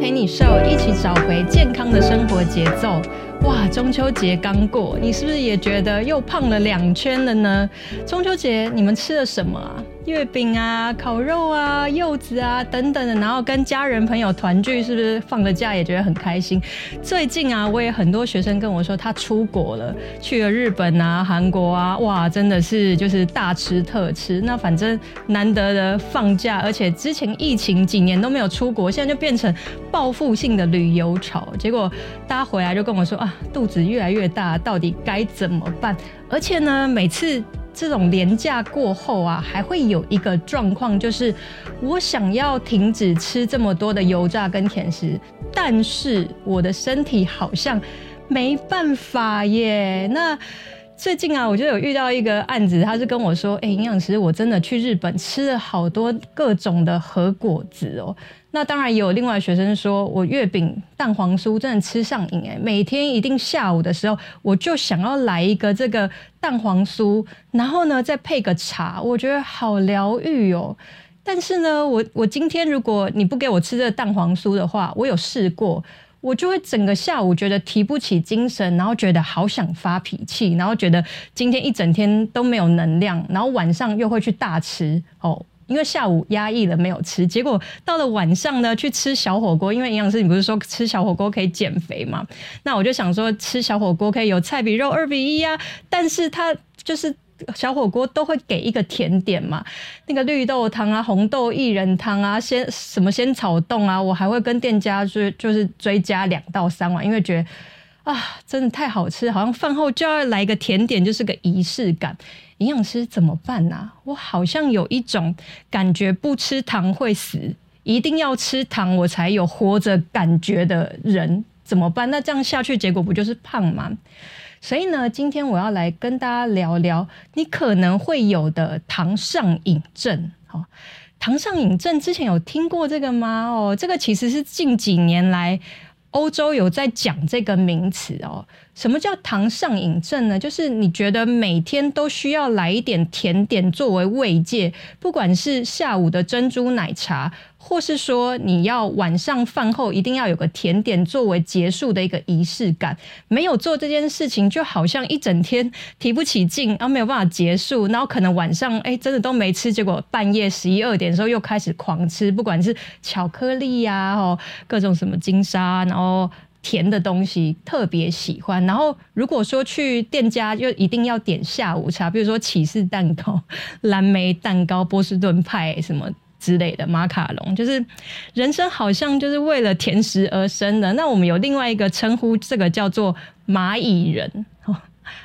陪你瘦，一起找回健康的生活節奏。哇，中秋節剛過，你是不是也覺得又胖了兩圈了呢？中秋節你們吃了什麼啊？月餅啊，烤肉啊，柚子啊，等等的，然後跟家人朋友團聚，是不是放了假也覺得很開心？最近啊，我也很多學生跟我說，他出國了，去了日本啊、韓國啊，哇，真的是就是大吃特吃。那反正難得的放假，而且之前疫情幾年都沒有出國，現在就變成報復性的旅遊潮。結果大家回來就跟我說啊，肚子越來越大，到底該怎麼辦？而且呢，每次。這種連假過後啊，還會有一個狀況，就是我想要停止吃這麼多的油炸跟甜食，但是我的身體好像沒辦法耶。那最近啊，我就有遇到一個案子，他是跟我說：“哎、欸，營養師，我真的去日本吃了好多各種的和菓子哦、喔。”那當然有另外學生說：“我月餅、蛋黃酥真的吃上癮哎、欸，每天一定下午的時候我就想要來一個這個蛋黃酥，然後呢再配個茶，我覺得好療癒哦。但是呢，我我今天如果你不給我吃這個蛋黃酥的話，我有試過。”我就會整個下午覺得提不起精神，然後覺得好想發脾氣，然後覺得今天一整天都沒有能量，然後晚上又會去大吃哦，因為下午壓抑了沒有吃，結果到了晚上呢，去吃小火鍋，因為營養師，你不是說吃小火鍋可以減肥嘛？那我就想說吃小火鍋可以有菜比肉二比一呀、啊，但是它就是。小火鍋都會給一個甜點嘛？那個綠豆湯啊、紅豆薏仁湯啊、鮮什麼仙草凍啊，我還會跟店家追，就是追加兩到三碗，因為覺得啊，真的太好吃，好像飯後就要來一個甜點，就是個儀式感。營養師怎麼辦呢、啊？我好像有一種感覺，不吃糖會死，一定要吃糖我才有活着感覺的人怎麼辦？那這樣下去，結果不就是胖嗎？所以呢，今天我要來跟大家聊聊你可能會有的糖上癮症。好，哦，糖上癮症之前有聽過這個嗎？哦，這個其實是近幾年來歐洲有在講這個名詞哦。什麼叫糖上癮症呢？就是你覺得每天都需要來一點甜點作為慰藉，不管是下午的珍珠奶茶。或是說，你要晚上飯後一定要有個甜點作為結束的一個儀式感。沒有做這件事情，就好像一整天提不起勁啊，沒有辦法結束。然後可能晚上哎、欸，真的都沒吃，結果半夜十一二點的時候又開始狂吃，不管是巧克力呀、啊，然後、哦、各種什麼金沙，然後甜的東西特別喜歡。然後如果說去店家，就一定要點下午茶，比如說起司蛋糕、藍莓蛋糕、波士頓派什麼，之類的馬卡龍，就是人生好像就是為了甜食而生的。那我們有另外一個稱呼，這個叫做螞蟻人、哦，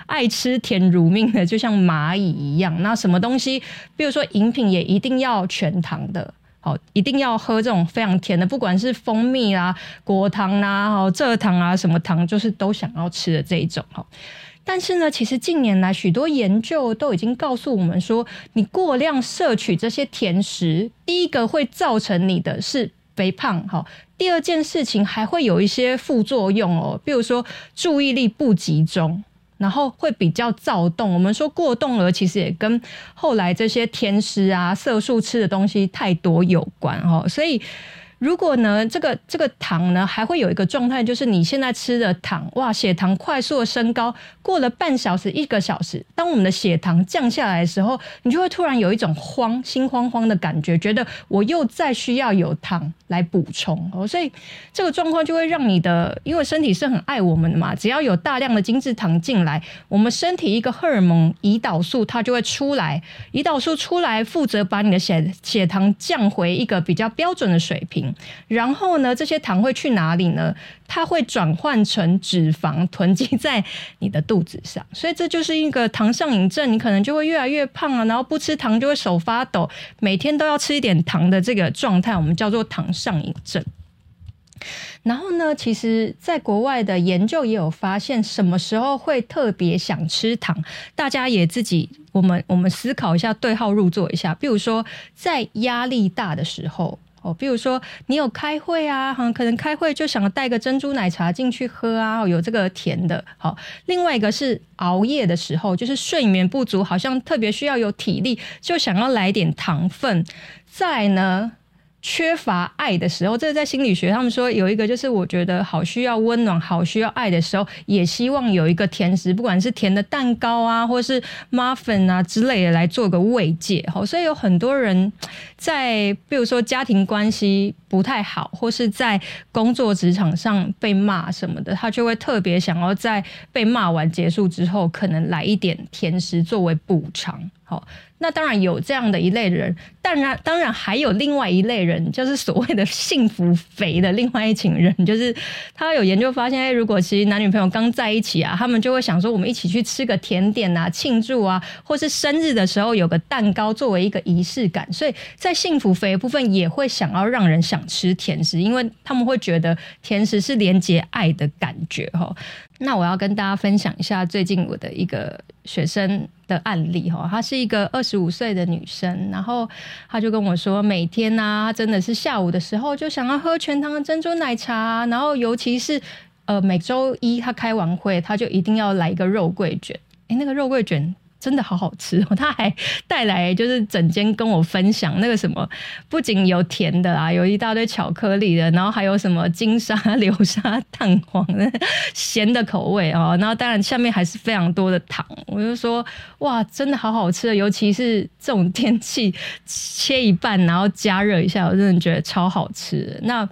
愛吃甜如命的，就像螞蟻一樣。那什麼東西，比如說飲品也一定要全糖的，好、哦，一定要喝這種非常甜的，不管是蜂蜜啊、果糖啊、哦、蔗糖啊，什麼糖，就是都想要吃的這一種，哦。但是呢，其實近年來許多研究都已經告訴我們說，你過量攝取這些甜食，第一個會造成你的，是肥胖，哈。第二件事情還會有一些副作用哦，比如說注意力不集中，然後會比較躁動。我們說過動兒其實也跟後來這些甜食啊、色素吃的東西太多有關哦，所以。如果呢，這個這個糖呢，還會有一個狀態，就是你現在吃的糖哇，血糖快速的升高，過了半小時、一個小時，當我們的血糖降下來的時候，你就會突然有一種慌、心慌慌的感覺，覺得我又再需要有糖來補充哦，所以這個狀況就會讓你的，因為身體是很愛我們的嘛，只要有大量的精制糖進來，我們身體一個荷爾蒙——胰島素，它就會出來，胰島素出來負責把你的血血糖降回一個比較標準的水平。然後呢，這些糖會去哪裡呢？它會轉換成脂肪，囤積在你的肚子上。所以這就是一個糖上癮症，你可能就會越來越胖啊。然後不吃糖就會手發抖，每天都要吃一點糖的這個狀態，我們叫做糖上癮症。然後呢，其實在國外的研究也有發現，什麼時候會特別想吃糖？大家也自己我們我們思考一下，對號入座一下。比如說，在壓力大的時候。哦，比如說你有開會啊，可能開會就想要帶個珍珠奶茶進去喝啊，有這個甜的。好，另外一個是熬夜的時候，就是睡眠不足，好像特別需要有體力，就想要來點糖分。再呢。缺乏愛的時候，這個在心理學，他們說有一個就是，我覺得好需要溫暖，好需要愛的時候，也希望有一個甜食，不管是甜的蛋糕啊，或是 muffin 啊之類的，來做個慰藉。所以有很多人在，比如說家庭關係。不太好，或是在工作職場上被罵什麼的，他就會特別想要在被罵完結束之後，可能來一點甜食作為補償。好，那當然有這樣的一類人，當然，當然還有另外一類人，就是所謂的幸福肥的另外一群人，就是他有研究發現，哎、欸，如果其實男女朋友剛在一起啊，他們就會想說，我們一起去吃個甜點啊，慶祝啊，或是生日的時候有個蛋糕作為一個儀式感，所以在幸福肥部分也會想要讓人想吃甜食，因為他們會覺得甜食是連接愛的感覺哈。那我要跟大家分享一下最近我的一個學生的案例哈，她是一個二十五歲的女生，然後她就跟我說，每天啊，她真的是下午的時候就想要喝全糖的珍珠奶茶，然後尤其是呃每週一她開完會，她就一定要來一個肉桂卷。哎，那個肉桂卷。真的好好吃哦！他還帶來就是整間跟我分享那個什麼，不僅有甜的啊，有一大堆巧克力的，然後還有什麼金沙、流沙、蛋黃的鹹的口味啊、喔，然後當然下面還是非常多的糖。我就說哇，真的好好吃，尤其是這種天氣切一半，然後加熱一下，我真的覺得超好吃。那。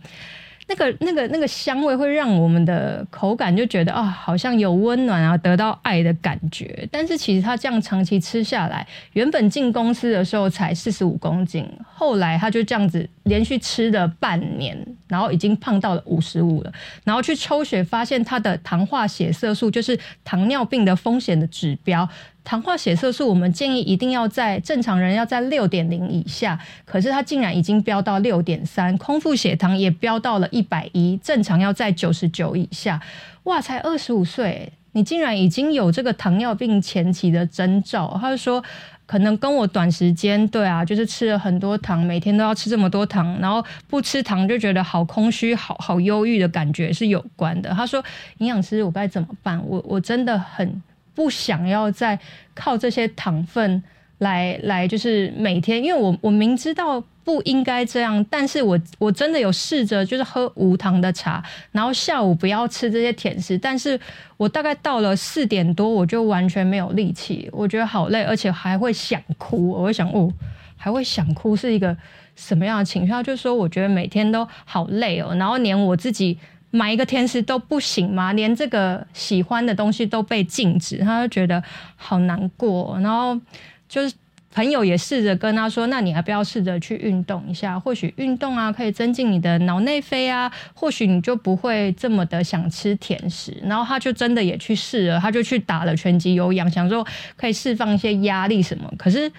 那個、那個、那個香味會讓我們的口感就覺得啊、哦，好像有溫暖啊，得到愛的感覺。但是其實他這樣長期吃下來，原本進公司的時候才四十五公斤，後來他就這樣子。連續吃了半年，然後已經胖到了五十五了，然後去抽血發現他的糖化血色素，就是糖尿病的風險的指標。糖化血色素我們建議一定要在正常人要在六點零以下，可是他竟然已經飆到六點三，空腹血糖也飆到了一百一，正常要在九十九以下。哇，才二十五歲，你竟然已經有這個糖尿病前期的徵兆。他就說。可能跟我短時間對啊，就是吃了很多糖，每天都要吃這麼多糖，然後不吃糖就覺得好空虛，好好憂鬱的感覺是有關的。他說，營養師，我該怎麼辦？我我真的很不想要再靠這些糖分來來，就是每天，因為我我明知道。不應該這樣，但是我我真的有試着，就是喝無糖的茶，然後下午不要吃這些甜食。但是我大概到了四點多，我就完全沒有力氣，我覺得好累，而且還會想哭。我會想，哦，還會想哭，是一個什麼樣的情緒？他就說，我覺得每天都好累哦，然後連我自己買一個甜食都不行嗎？連這個喜歡的東西都被禁止，他就覺得好難過，哦，然後就是。朋友也試着跟他說：“那你還不要試着去運動一下，或許運動啊可以增進你的腦內啡啊，或許你就不會這麼的想吃甜食。”然後他就真的也去試了，他就去打了拳擊有氧，想說可以釋放一些壓力什麼。可是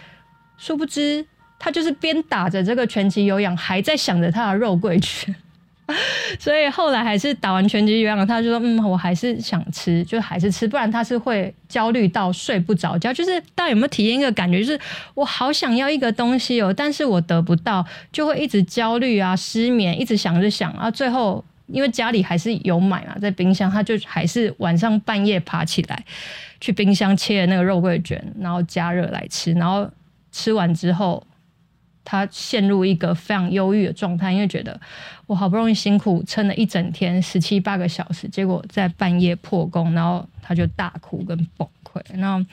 殊不知，他就是邊打着這個拳擊有氧，還在想着他的肉桂捲。 所以後來還是打完拳擊之後，他就說：“嗯，我還是想吃，就還是吃，不然他是會焦慮到睡不着覺就是大家有沒有體驗一個感覺，就是我好想要一個東西哦，但是我得不到，就會一直焦慮啊、失眠，一直想着想啊。最後因為家裡還是有買嘛、啊，在冰箱，他就還是晚上半夜爬起來去冰箱切的那個肉桂卷，然後加熱來吃。然後吃完之後，他陷入一個非常憂鬱的狀態，因為覺得……我好不容易辛苦撐了一整天十七八個小時，結果在半夜破功，然後他就大哭跟崩潰。那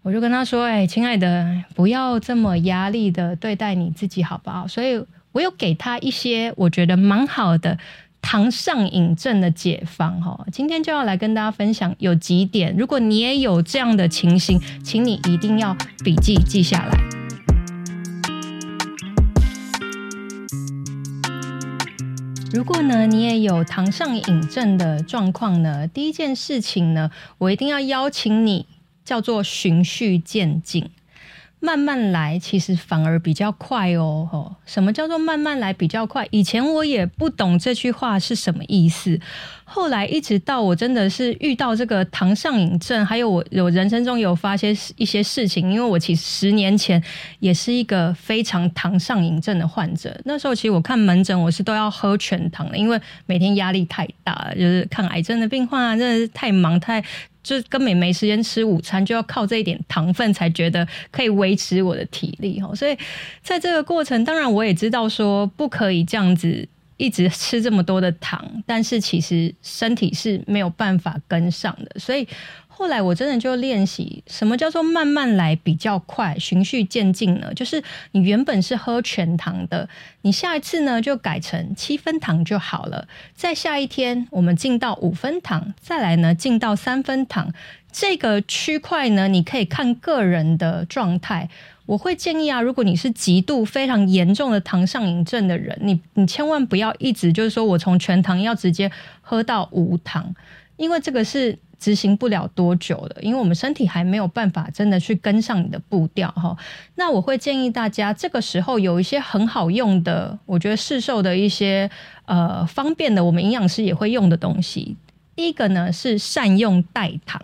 我就跟他說：“哎、欸，親愛的，不要這麼壓力的對待你自己，好不好？”所以，我有給他一些我覺得蠻好的糖上癮症的解方。哈，今天就要來跟大家分享有幾點，如果你也有這樣的情形，請你一定要筆記記下來。如果呢，你也有糖上癮症的狀況呢，第一件事情呢，我一定要邀請你，叫做循序漸進。慢慢來，其實反而比較快哦。吼，什麼叫做慢慢來比較快？以前我也不懂這句話是什麼意思。後來一直到我真的是遇到這個糖上癮症，還有我有人生中有發現一些事情。因為我其實十年前也是一個非常糖上癮症的患者。那時候其實我看門診，我是都要喝全糖的，因為每天壓力太大，就是看癌症的病患啊，真的是太忙太。就根本沒時間吃午餐，就要靠這一點糖分才覺得可以維持我的體力。所以，在這個過程，當然我也知道說不可以這樣子一直吃這麼多的糖，但是其實身體是沒有辦法跟上的，所以。後來我真的就練習什麼叫做慢慢來比較快。循序漸進呢？就是你原本是喝全糖的，你下一次呢就改成七分糖就好了。再下一天我們進到五分糖，再來呢進到三分糖。這個區塊呢，你可以看個人的狀態。我會建議啊，如果你是極度非常嚴重的糖上癮症的人，你你千萬不要一直就是說我從全糖要直接喝到無糖，因為這個是。執行不了多久了，因為我們身體還沒有辦法真的去跟上你的步調哈。那我會建議大家，這個時候有一些很好用的，我覺得市售的一些呃方便的，我們營養師也會用的東西。第一個呢是善用代糖。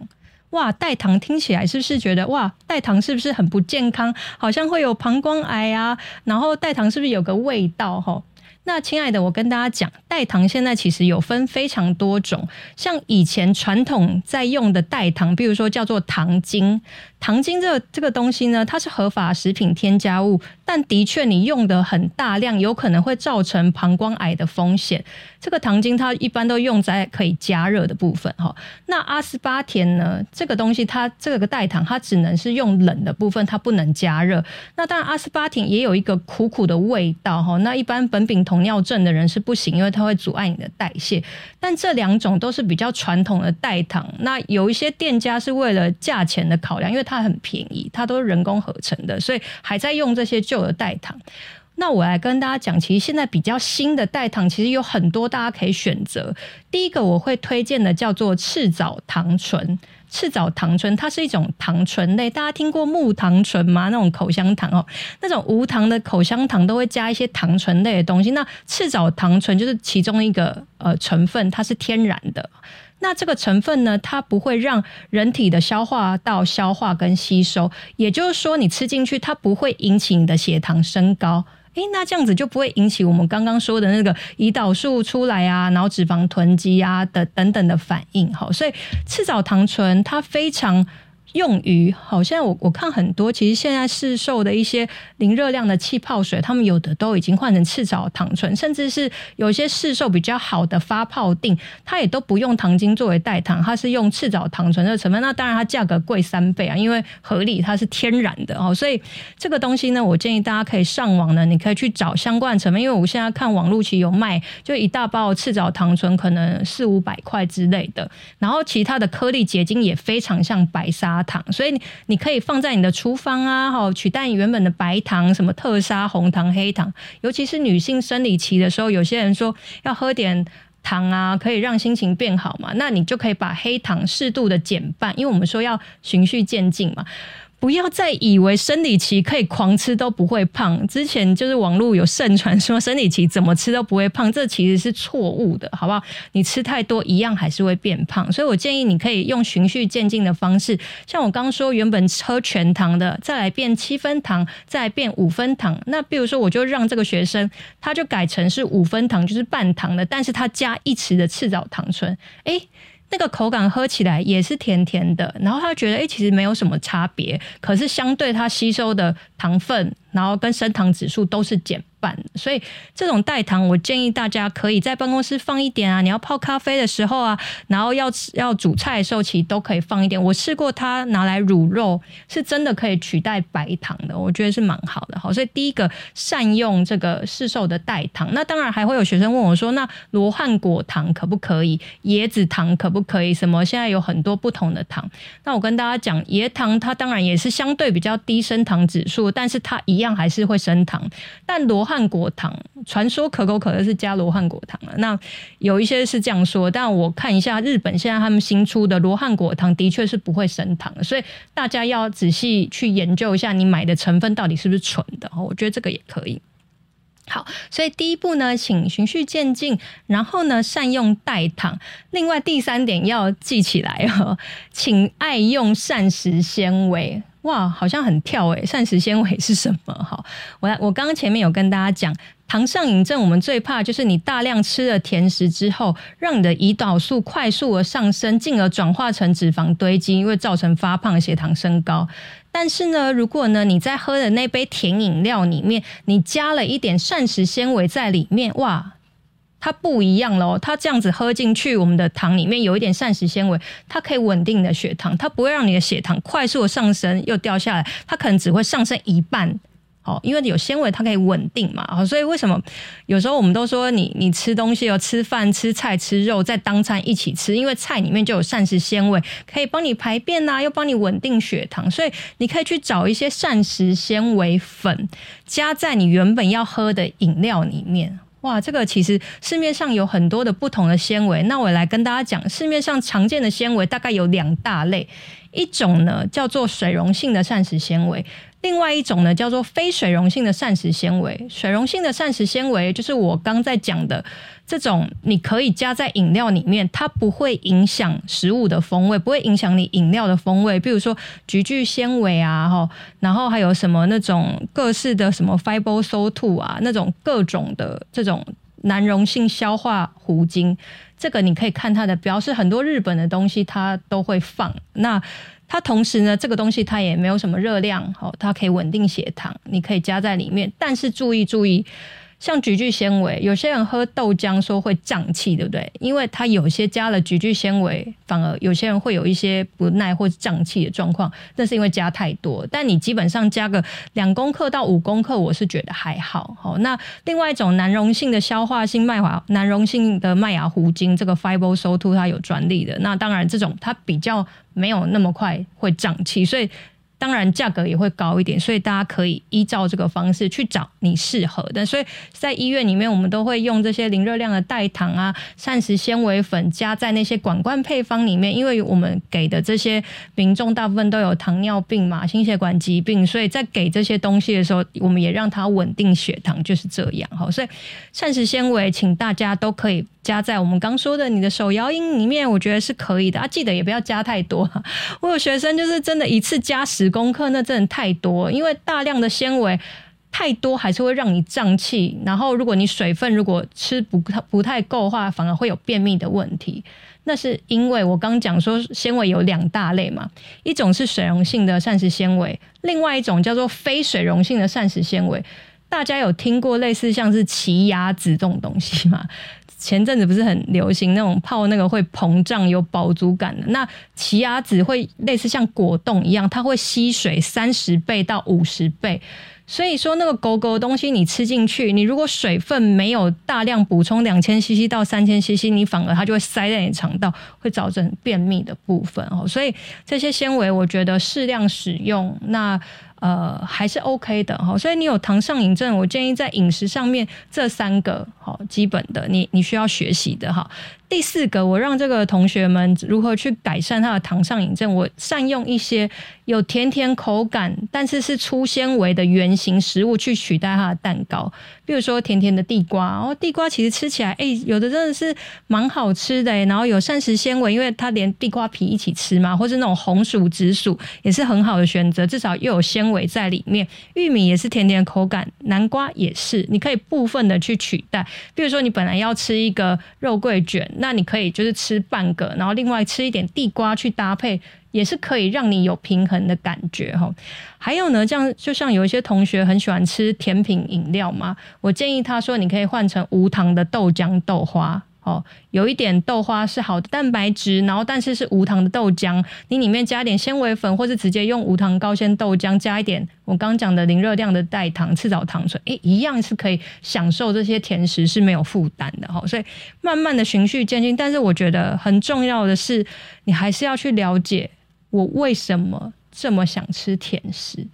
哇，代糖聽起來是不是覺得哇，代糖是不是很不健康？好像會有膀胱癌啊？然後代糖是不是有個味道哈？那親愛的，我跟大家講，代糖現在其實有分非常多種，像以前傳統在用的代糖，比如說叫做糖精，糖精這個、這個東西呢，它是合法食品添加物。但的確，你用的很大量，有可能會造成膀胱癌的風險。這個糖精它一般都用在可以加熱的部分，哈。那阿斯巴甜呢？這個東西它這個代糖，它只能是用冷的部分，它不能加熱。那當然，阿斯巴甜也有一個苦苦的味道，哈。那一般苯丙酮尿症的人是不行，因為它會阻礙你的代謝。但這兩種都是比較傳統的代糖。那有一些店家是為了價錢的考量，因為它很便宜，它都是人工合成的，所以還在用這些舊。代糖，那我來跟大家講，其實現在比較新的代糖，其實有很多大家可以選擇。第一個我會推薦的叫做赤藻糖醇，赤藻糖醇它是一種糖醇類，大家聽過木糖醇嗎？那種口香糖哦，那種無糖的口香糖都會加一些糖醇類的東西，那赤藻糖醇就是其中一個呃成分，它是天然的。那這個成分呢，它不會讓人體的消化道消化跟吸收，也就是說，你吃進去它不會引起你的血糖升高。哎，那這樣子就不會引起我們剛剛說的那個胰島素出來啊，然後脂肪囤積啊的等等的反應。好，所以赤藻糖醇它非常。用於好像我我看很多，其實現在市售的一些零熱量的氣泡水，他們有的都已經換成赤藻糖醇，甚至是有些市售比較好的發泡錠，它也都不用糖精作為代糖，它是用赤藻糖醇的成分。那當然它價格貴三倍啊，因為合理它是天然的哦。所以這個東西呢，我建議大家可以上網呢，你可以去找相關的成分，因為我現在看網絡其實有賣，就一大包赤藻糖醇可能四五百塊之類的，然後其他的顆粒結晶也非常像白砂。所以你可以放在你的廚房啊，吼，取代你原本的白糖，什麼特砂紅糖、黑糖，尤其是女性生理期的時候，有些人說要喝點糖啊，可以讓心情變好嘛，那你就可以把黑糖適度的減半，因為我們說要循序漸進嘛。不要再以為生理期可以狂吃都不會胖，之前就是網絡有盛傳說生理期怎麼吃都不會胖，這其實是錯誤的，好不好？你吃太多一樣還是會變胖，所以我建議你可以用循序漸進的方式，像我剛說，原本喝全糖的，再來變七分糖，再來變五分糖。那比如說，我就讓這個學生，他就改成是五分糖，就是半糖的，但是他加一匙的赤藻糖醇，誒、欸。那個口感喝起來也是甜甜的，然後他覺得，哎、欸，其實沒有什麼差別，可是相對他吸收的糖分。然後跟升糖指數都是減半，所以這種代糖，我建議大家可以在辦公室放一點啊，你要泡咖啡的時候啊，然後要要煮菜的時候，其實都可以放一點。我試過它拿來滷肉，是真的可以取代白糖的，我覺得是蠻好的。好，所以第一個善用這個市售的代糖。那當然還會有學生問我說，那羅漢果糖可不可以？椰子糖可不可以？什麼？現在有很多不同的糖。那我跟大家講，椰糖它當然也是相對比較低升糖指數，但是它一一樣還是會升糖，但羅漢果糖傳說可口可樂是加羅漢果糖了。那有一些是這樣說，但我看一下日本現在他們新出的羅漢果糖，的確是不會升糖的，所以大家要仔細去研究一下你買的成分到底是不是純的哦。我覺得這個也可以。好，所以第一步呢，請循序漸進，然後呢，善用代糖。另外第三點要記起來哦，請愛用膳食纖維。哇，好像很跳誒、欸、膳食纖維是什麼？哈，我來我剛剛前面有跟大家講，糖上癮症我們最怕就是你大量吃了甜食之後，讓你的胰島素快速的上升，進而轉化成脂肪堆積，會造成發胖、血糖升高。但是呢，如果呢你在喝的那杯甜飲料裡面，你加了一點膳食纖維在裡面，哇！它不一樣咯，它這樣子喝進去，我們的糖裡面有一點膳食纖維，它可以穩定你的血糖，它不會讓你的血糖快速的上升又掉下來，它可能只會上升一半，好、哦，因為有纖維它可以穩定嘛，所以為什麼有時候我們都說你你吃東西要吃飯吃菜吃肉在當餐一起吃，因為菜裡面就有膳食纖維，可以幫你排便吶、啊，又幫你穩定血糖，所以你可以去找一些膳食纖維粉，加在你原本要喝的飲料裡面。哇，這個其實市面上有很多的不同的纖維。那我來跟大家講，市面上常見的纖維大概有兩大類，一種呢叫做水溶性的膳食纖維。另外一種呢，叫做非水溶性的膳食纖維。水溶性的膳食纖維就是我剛在講的這種，你可以加在飲料裡面，它不會影響食物的風味，不會影響你飲料的風味。比如說菊苣纖維啊，齁，然後還有什麼那種各式的什麼 Fibersol-2 啊，那種各種的這種難溶性消化糊精，這個你可以看它的標示，是很多日本的東西它都會放那。它同時呢，這個東西它也沒有什麼熱量，哦，它可以穩定血糖，你可以加在裡面，但是注意注意。像菊苣纖維，有些人喝豆漿說會脹氣，對不對？因為他有些加了菊苣纖維，反而有些人會有一些不耐或脹氣的狀況，那是因為加太多。但你基本上加個兩公克到五公克，我是覺得還好。好、哦，那另外一種難溶性的消化性麥芽，難溶性的麥芽糊精，這個 Fibersol-2 它有專利的。那當然，這種它比較沒有那麼快會脹氣，所以。當然，價格也會高一點，所以大家可以依照這個方式去找你適合的。所以在醫院裡面，我們都會用這些零熱量的代糖啊、膳食纖維粉加在那些管灌配方裡面，因為我們給的這些民眾大部分都有糖尿病嘛、心血管疾病，所以在給這些東西的時候，我們也讓它穩定血糖，就是這樣。所以膳食纖維，請大家都可以。加在我們剛說的你的手搖飲裡面，我覺得是可以的啊。記得也不要加太多。我有學生就是真的，一次加十公克，那真的太多。因為大量的纖維太多，還是會讓你脹氣。然後如果你水分如果吃不太不太夠的話，反而會有便秘的問題。那是因為我剛講說，纖維有兩大類嘛，一種是水溶性的膳食纖維，另外一種叫做非水溶性的膳食纖維。大家有聽過類似像是奇亞籽這種東西嗎？前陣子不是很流行那種泡那個會膨脹有飽足感的。那奇亞籽會類似像果凍一樣，它會吸水三十倍到五十倍，所以說那個狗狗的東西你吃進去，你如果水分沒有大量補充兩千 cc 到三千 cc，你反而它就會塞在你腸道，會造成便秘的部分哦。所以這些纖維我覺得適量使用那，呃，還是 OK 的哈，所以你有糖上癮症，我建議在飲食上面這三個好基本的，你你需要學習的哈。第四個，我讓這個同學們如何去改善他的糖上癮症。我善用一些有甜甜口感，但是是粗纖維的原型食物去取代他的蛋糕，比如說甜甜的地瓜哦，地瓜其實吃起來哎、欸，有的真的是蠻好吃的，然後有膳食纖維，因為它連地瓜皮一起吃嘛，或是那種紅薯、紫薯也是很好的選擇，至少又有纖維在裡面。玉米也是甜甜的口感，南瓜也是，你可以部分的去取代，比如說你本來要吃一個肉桂捲。那你可以就是吃半個，然後另外吃一點地瓜去搭配，也是可以讓你有平衡的感覺哈。還有呢，這樣就像有一些同學很喜歡吃甜品飲料嘛，我建議他說，你可以換成無糖的豆漿豆花。哦，有一點豆花是好的蛋白質，然後但是是無糖的豆漿，你裡面加一點纖維粉，或者是直接用無糖高纖豆漿，加一點我剛講的零熱量的代糖赤藻糖醇，誒，一樣是可以享受這些甜食是沒有負擔的哈。哦，所以慢慢的循序漸進，但是我覺得很重要的是，你還是要去了解我為什麼這麼想吃甜食。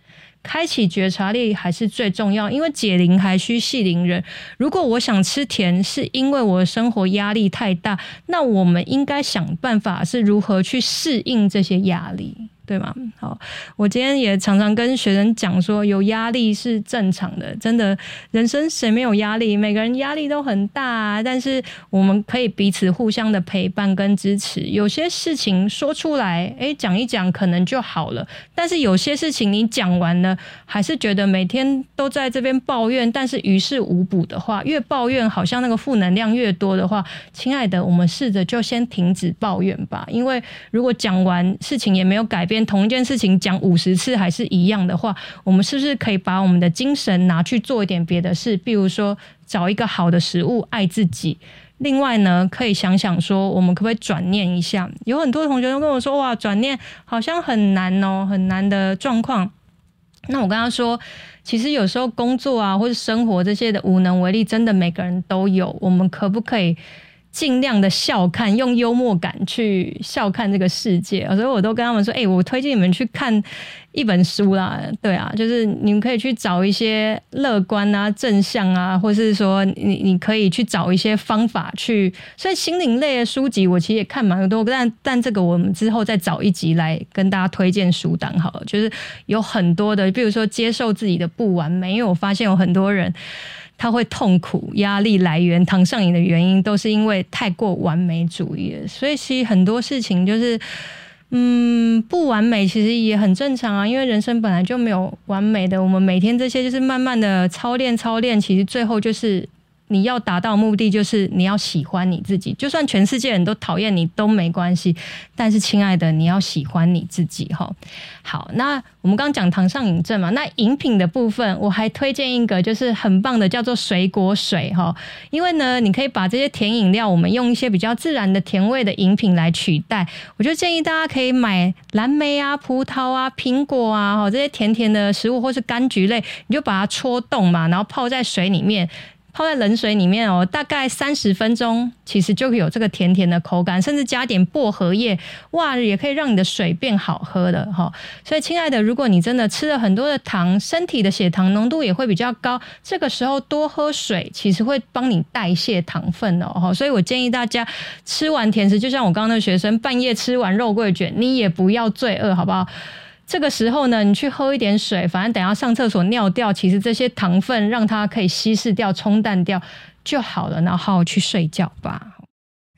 開啟覺察力還是最重要，因為解鈴還需繫鈴人。如果我想吃甜，是因為我的生活壓力太大，那我們應該想辦法是如何去適應這些壓力。對嗎？好，我今天也常常跟學生講說，有壓力是正常的，真的，人生誰沒有壓力？每個人壓力都很大啊，但是我們可以彼此互相的陪伴跟支持。有些事情說出來，哎，講一講可能就好了。但是有些事情你講完了，還是覺得每天都在這邊抱怨，但是於事無補的話，越抱怨好像那個負能量越多的話，親愛的，我們試着就先停止抱怨吧，因為如果講完事情也沒有改變。同一件事情講五十次還是一樣的話，我們是不是可以把我們的精神拿去做一點別的事？比如說找一個好的食物，愛自己。另外呢，可以想想說，我們可不可以轉念一下？有很多同學都跟我說：“哇，轉念好像很難哦，很難的狀況。”那我跟他說，其實有時候工作啊或者生活這些的無能為力，真的每個人都有。我們可不可以？盡量的笑看，用幽默感去笑看這個世界。所以，我都跟他們說：“哎、欸，我推薦你們去看一本書啦。”對啊，就是你們可以去找一些樂觀啊、正向啊，或是說你，你你可以去找一些方法去。所以，心靈類的書籍我其實也看蠻多，但但這個我們之後再找一集來跟大家推薦書單好了。就是有很多的，比如說接受自己的不完美，因為我發現有很多人。他會痛苦、壓力來源、糖上癮的原因，都是因為太過完美主義了。所以其實很多事情就是，嗯，不完美其實也很正常啊。因為人生本來就沒有完美的，我們每天這些就是慢慢的操練、操練，其實最後就是。你要達到的目的，就是你要喜歡你自己，就算全世界人都討厭你都沒關係。但是，親愛的，你要喜歡你自己哈。好，那我們剛剛講糖上癮症嘛，那飲品的部分，我還推薦一個就是很棒的，叫做水果水哈。因為呢，你可以把這些甜飲料，我們用一些比較自然的甜味的飲品來取代。我就建議大家可以買藍莓啊、葡萄啊、蘋果啊，哈，這些甜甜的食物或是柑橘類，你就把它戳洞嘛，然後泡在水裡面。泡在冷水裡面哦，大概三十分鐘，其實就有這個甜甜的口感，甚至加點薄荷葉，哇，也可以讓你的水變好喝的哈。所以，親愛的，如果你真的吃了很多的糖，身體的血糖濃度也會比較高，這個時候多喝水，其實會幫你代謝糖分哦。哈，所以我建議大家吃完甜食，就像我剛剛的學生半夜吃完肉桂卷，你也不要罪惡，好不好？這個時候呢，你去喝一點水，反正等下上廁所尿掉，其實這些糖分讓它可以稀釋掉，沖淡掉就好了。然後好好去睡覺吧。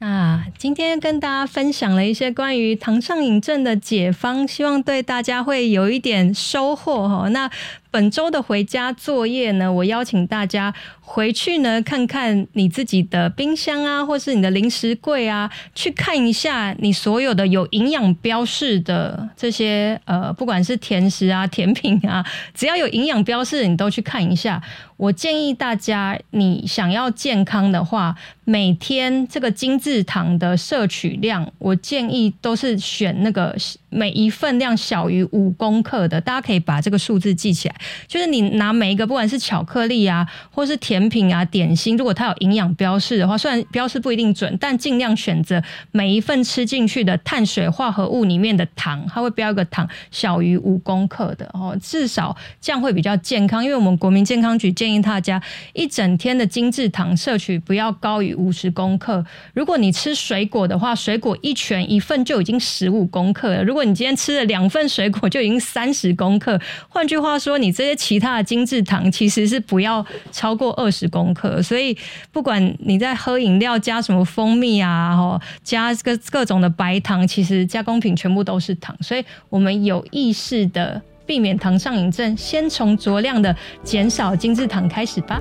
啊，今天跟大家分享了一些關於糖上癮症的解方，希望對大家會有一點收穫哈。那。本週的回家作業呢，我邀請大家回去呢，看看你自己的冰箱啊，或是你的零食櫃啊，去看一下你所有的有營養標示的這些呃，不管是甜食啊、甜品啊，只要有營養標示，你都去看一下。我建議大家，你想要健康的話，每天這個精製糖的攝取量，我建議都是選那個。每一份量小於五公克的，大家可以把這個數字記起來。就是你拿每一個，不管是巧克力啊，或是甜品啊、點心，如果它有營養標示的話，雖然標示不一定準，但盡量選擇每一份吃進去的碳水化合物裡面的糖，它會標一個糖小於五公克的哦。至少這樣會比較健康，因為我們國民健康局建議大家一整天的精致糖攝取不要高於五十公克。如果你吃水果的話，水果一拳一份就已經十五公克了，如果如果你今天吃了兩份水果，就已經三十公克。換句話說，你這些其他的精緻糖其實是不要超過二十公克。所以，不管你在喝飲料加什麼蜂蜜啊，吼，加各各種的白糖，其實加工品全部都是糖。所以我們有意識的避免糖上癮症，先從酌量的減少精緻糖開始吧。